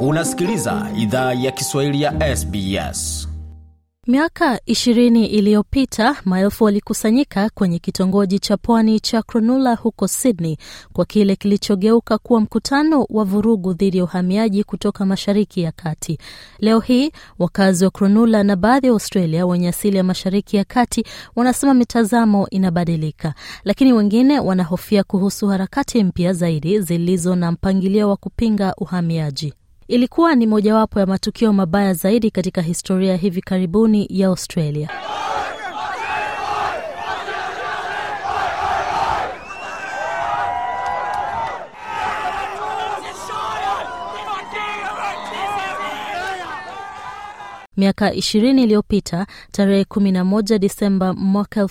Unasikiliza idhaa ya Kiswahili ya SBS. Miaka 20 iliyopita maelfu walikusanyika kwenye kitongoji cha pwani cha cronula huko Sydney kwa kile kilichogeuka kuwa mkutano wa vurugu dhidi ya uhamiaji kutoka Mashariki ya Kati. Leo hii wakazi wa cronula na baadhi ya Australia wenye asili ya Mashariki ya Kati wanasema mitazamo inabadilika, lakini wengine wanahofia kuhusu harakati mpya zaidi zilizo na mpangilio wa kupinga uhamiaji ilikuwa ni mojawapo ya matukio mabaya zaidi katika historia hivi karibuni ya Australia. Miaka 20 iliyopita tarehe 11 Disemba mwaka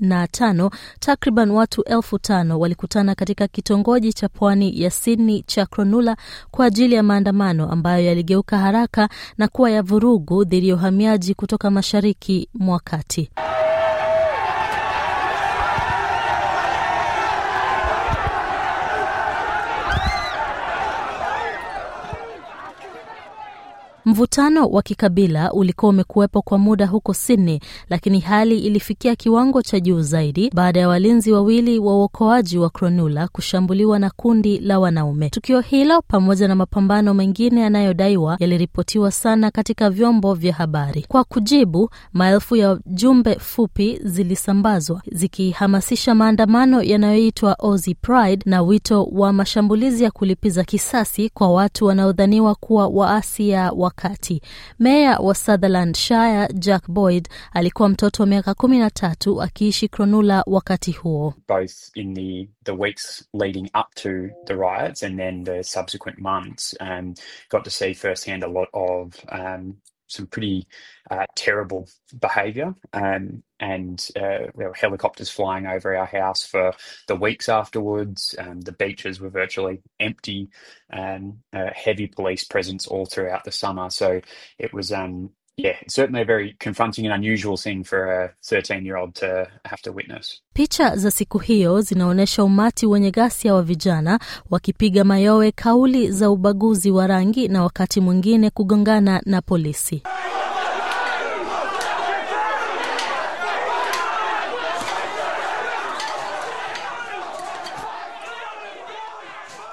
na tano takriban watu elfu tano walikutana katika kitongoji cha pwani ya Sydney cha Cronulla kwa ajili ya maandamano ambayo yaligeuka haraka na kuwa ya vurugu dhidi ya uhamiaji kutoka mashariki mwa kati. Mvutano wa kikabila ulikuwa umekuwepo kwa muda huko Sydney, lakini hali ilifikia kiwango cha juu zaidi baada ya walinzi wawili wa uokoaji wa Cronulla kushambuliwa na kundi la wanaume. Tukio hilo pamoja na mapambano mengine yanayodaiwa yaliripotiwa sana katika vyombo vya habari. Kwa kujibu, maelfu ya jumbe fupi zilisambazwa zikihamasisha maandamano yanayoitwa Aussie Pride na wito wa mashambulizi ya kulipiza kisasi kwa watu wanaodhaniwa kuwa waasi ya waka kati. Meya wa Sutherland Shire Jack Boyd alikuwa mtoto wa miaka kumi na tatu akiishi Cronulla wakati huo. Both in the, the weeks leading up to the riots and then the subsequent months um, got to see firsthand a lot of um, some pretty uh, terrible behaviour, um, and uh, there were helicopters flying over our house for the weeks afterwards. Um, the beaches were virtually empty, and um, uh, heavy police presence all throughout the summer. So it was um, yeah, certainly a very confronting and unusual thing for a 13-year-old to have to witness. Picha za siku hiyo zinaonyesha umati wenye ghasia wa vijana wakipiga mayowe, kauli za ubaguzi wa rangi na wakati mwingine kugongana na polisi.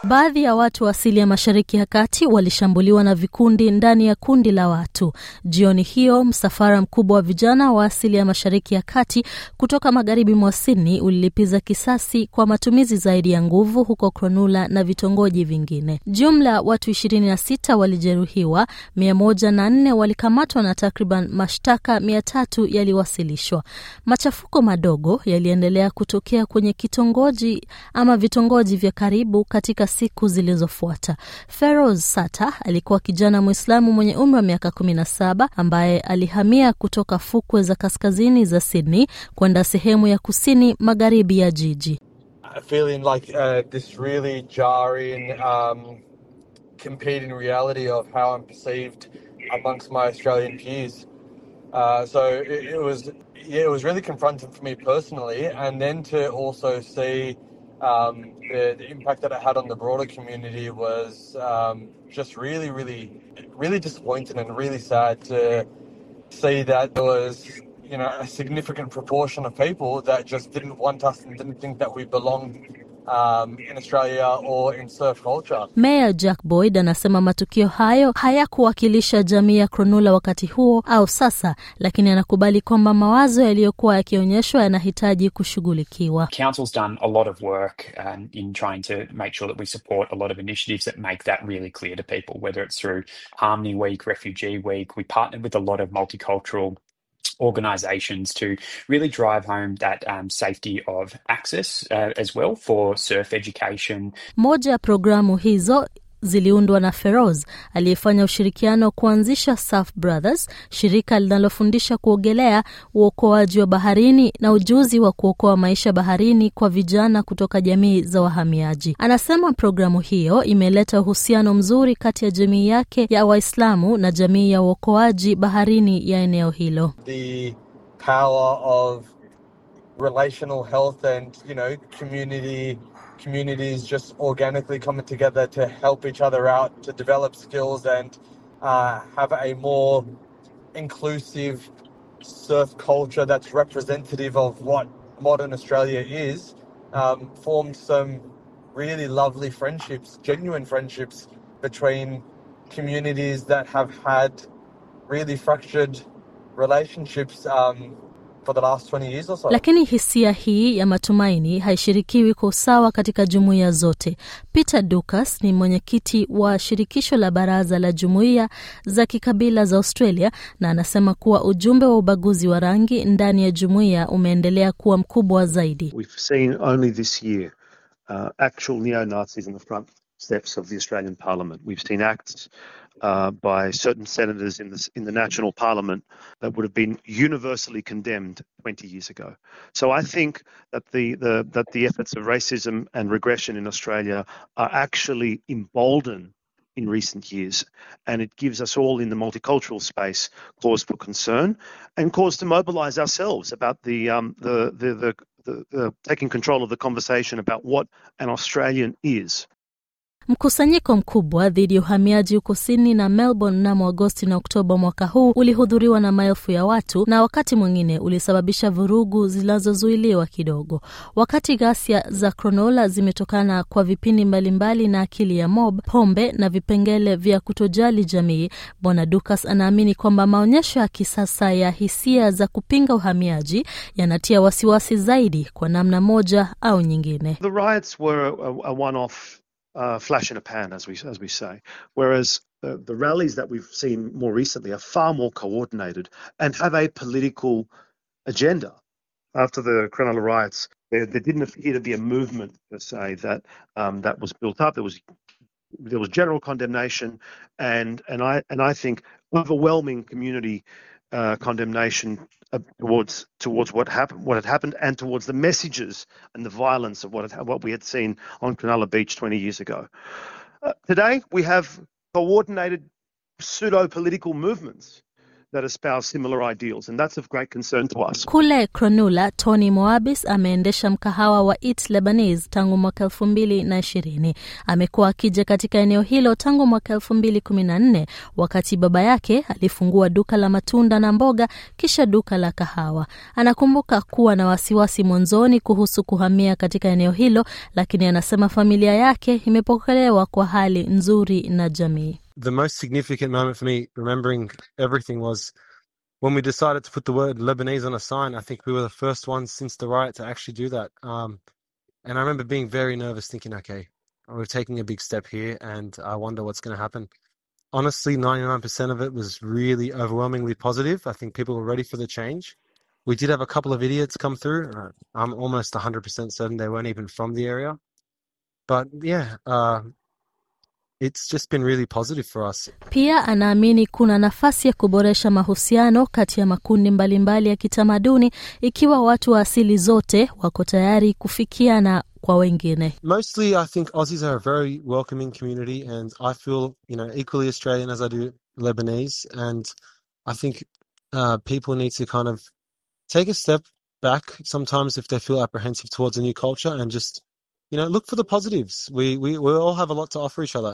Baadhi ya watu wa asili ya Mashariki ya Kati walishambuliwa na vikundi ndani ya kundi la watu. Jioni hiyo, msafara mkubwa wa vijana wa asili ya Mashariki ya Kati kutoka magharibi mwa Sydney ulilipiza kisasi kwa matumizi zaidi ya nguvu huko Cronulla na vitongoji vingine. Jumla watu 26 walijeruhiwa, 104 walikamatwa na takriban mashtaka 300 yaliwasilishwa. Machafuko madogo yaliendelea kutokea kwenye kitongoji ama vitongoji vya karibu katika siku zilizofuata. Feroz Sata alikuwa kijana Mwislamu mwenye umri wa miaka kumi na saba ambaye alihamia kutoka fukwe za kaskazini za Sydney kwenda sehemu ya kusini magharibi ya jiji. Uh, so it, it was yeah, it was really confronting for me personally, and then to also see um, the, the, impact that it had on the broader community was um, just really, really, really disappointing and really sad to see that there was, you know, a significant proportion of people that just didn't want us and didn't think that we belonged Um, in Australia or in surf culture. Meya Jack Boyd anasema matukio hayo hayakuwakilisha jamii ya Cronulla wakati huo au sasa, lakini anakubali kwamba mawazo yaliyokuwa yakionyeshwa yanahitaji kushughulikiwa. Council's done a lot of work um, in trying to make sure that we support a lot of initiatives that make that really clear to people, whether it's through Harmony Week, Refugee Week. We partnered with a lot of multicultural organisations to really drive home that um, safety of access uh, as well for surf education. Moja programu hizo ziliundwa na Feroz aliyefanya ushirikiano wa kuanzisha Surf Brothers, shirika linalofundisha kuogelea, uokoaji wa baharini na ujuzi wa kuokoa maisha baharini kwa vijana kutoka jamii za wahamiaji. Anasema programu hiyo imeleta uhusiano mzuri kati ya jamii yake ya Waislamu na jamii ya uokoaji baharini ya eneo hilo. The power of relational health and, you know, community communities just organically coming together to help each other out, to develop skills, and uh, have a more inclusive surf culture that's representative of what modern Australia is, um, formed some really lovely friendships, genuine friendships between communities that have had really fractured relationships um, So. Lakini hisia hii ya matumaini haishirikiwi kwa usawa katika jumuiya zote. Peter Dukas ni mwenyekiti wa shirikisho la baraza la jumuiya za kikabila za Australia na anasema kuwa ujumbe wa ubaguzi wa rangi ndani ya jumuiya umeendelea kuwa mkubwa zaidi. We've seen only this year, uh, Uh, by certain senators in the, in the national parliament that would have been universally condemned 20 years ago. So I think that the, the that the efforts of racism and regression in Australia are actually emboldened in recent years, and it gives us all in the multicultural space cause for concern and cause to mobilise ourselves about the, um, the, the, the, the, the taking control of the conversation about what an Australian is. Mkusanyiko mkubwa dhidi ya uhamiaji huko Sydney na Melbourne mnamo Agosti na Oktoba mwaka huu ulihudhuriwa na maelfu ya watu na wakati mwingine ulisababisha vurugu zinazozuiliwa kidogo. Wakati ghasia za Cronulla zimetokana kwa vipindi mbalimbali na akili ya mob, pombe na vipengele vya kutojali jamii, Bwana Dukas anaamini kwamba maonyesho ya kisasa ya hisia za kupinga uhamiaji yanatia wasiwasi zaidi kwa namna moja au nyingine. The riots were a, a one-off uh, flash in a pan, as we as we say. Whereas the, the rallies that we've seen more recently are far more coordinated and have a political agenda. After the Cronulla riots, there, there didn't appear to be a movement per se that um, that was built up. There was there was general condemnation, and and I and I think overwhelming community uh, condemnation uh, towards towards what happened, what had happened, and towards the messages and the violence of what had, what we had seen on Cronulla Beach 20 years ago. Uh, today, we have coordinated pseudo political movements that espouse similar ideals, and that's of great concern to us. Kule Cronulla, Tony Moabis ameendesha mkahawa wa Eat Lebanese tangu mwaka elfu mbili na ishirini. Amekuwa akija katika eneo hilo tangu mwaka elfu mbili kumi na nne wakati baba yake alifungua duka la matunda na mboga kisha duka la kahawa. Anakumbuka kuwa na wasiwasi mwanzoni kuhusu kuhamia katika eneo hilo, lakini anasema familia yake imepokelewa kwa hali nzuri na jamii. the most significant moment for me remembering everything was when we decided to put the word Lebanese on a sign. I think we were the first ones since the riot to actually do that. Um, and I remember being very nervous, thinking, okay, we're taking a big step here, and I wonder what's going to happen. Honestly, 99% of it was really overwhelmingly positive. I think people were ready for the change. We did have a couple of idiots come through. Uh, I'm almost 100% certain they weren't even from the area. But yeah, uh, it's just been really positive for us. Pia anaamini kuna nafasi ya kuboresha mahusiano kati ya makundi mbalimbali mbali ya kitamaduni ikiwa watu wa asili zote wako tayari kufikiana kwa wengine. Mostly I think Aussies are a very welcoming community and I feel, you know, equally Australian as I do Lebanese and I think uh, people need to kind of take a step back sometimes if they feel apprehensive towards a new culture and just you know look for the positives we we, we all have a lot to offer each other